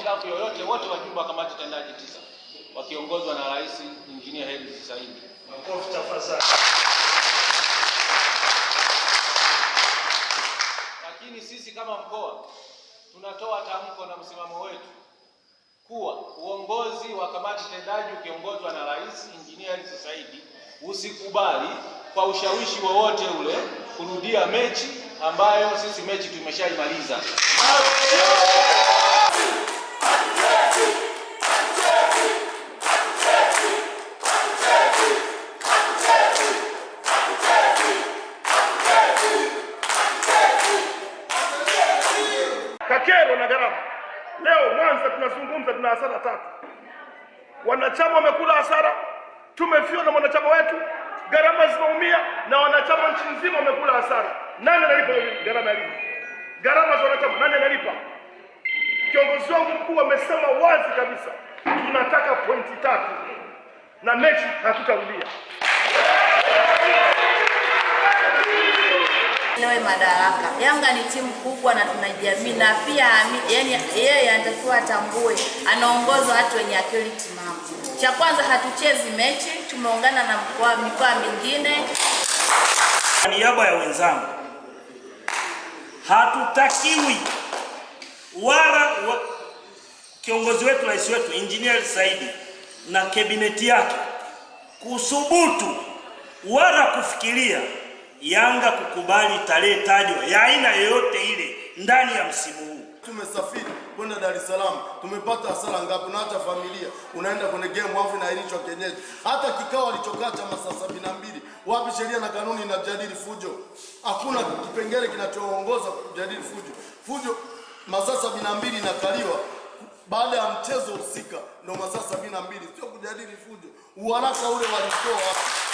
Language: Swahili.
hitilafu yoyote, wote wajumbe wa kamati tendaji tisa wakiongozwa na Rais Injinia Heri Saidi. Makofi tafadhali. Lakini sisi kama mkoa tunatoa tamko na msimamo wetu kuwa uongozi wa kamati tendaji ukiongozwa na Rais Injinia Hersi Said usikubali kwa ushawishi wowote ule kurudia mechi ambayo sisi mechi tumeshaimaliza. Kakero na Garama. Leo Mwanza tunazungumza, tuna hasara tatu, wanachama wamekula hasara, tumefiwa na mwanachama wetu, gharama zimeumia na wanachama nchi nzima wamekula hasara. Nani analipa gharama ya elimu? Gharama za wanachama nani analipa? Kiongozi wangu mkuu amesema wazi kabisa, tunataka pointi tatu na mechi hatutarudia madaraka. Yanga ni timu kubwa na tunajiamini, na pia yani, yeye anatakiwa atambue anaongozwa watu wenye akili timamu. Cha kwanza, hatuchezi mechi, tumeungana na mkoa mikoa mingine. Kwa niaba ya wenzangu, hatutakiwi wala wa, kiongozi wetu rais wetu Engineer Saidi na kabineti yake kusubutu wala kufikiria Yanga kukubali tarehe tajwa ya aina yoyote ile ndani ya msimu huu. Tumesafiri kwenda Dar es Salaam, tumepata hasara ngapi? Na hata familia unaenda kwenye game wafu na ilicho kienyeji, hata kikao alichokaa cha masaa sabini na mbili wapi sheria na kanuni inajadili fujo? Hakuna kipengele kinachoongoza kujadili fujo. Fujo masaa sabini na mbili inakaliwa baada ya mchezo husika, ndo masaa sabini na mbili sio kujadili fujo. Uharaka ule walitoa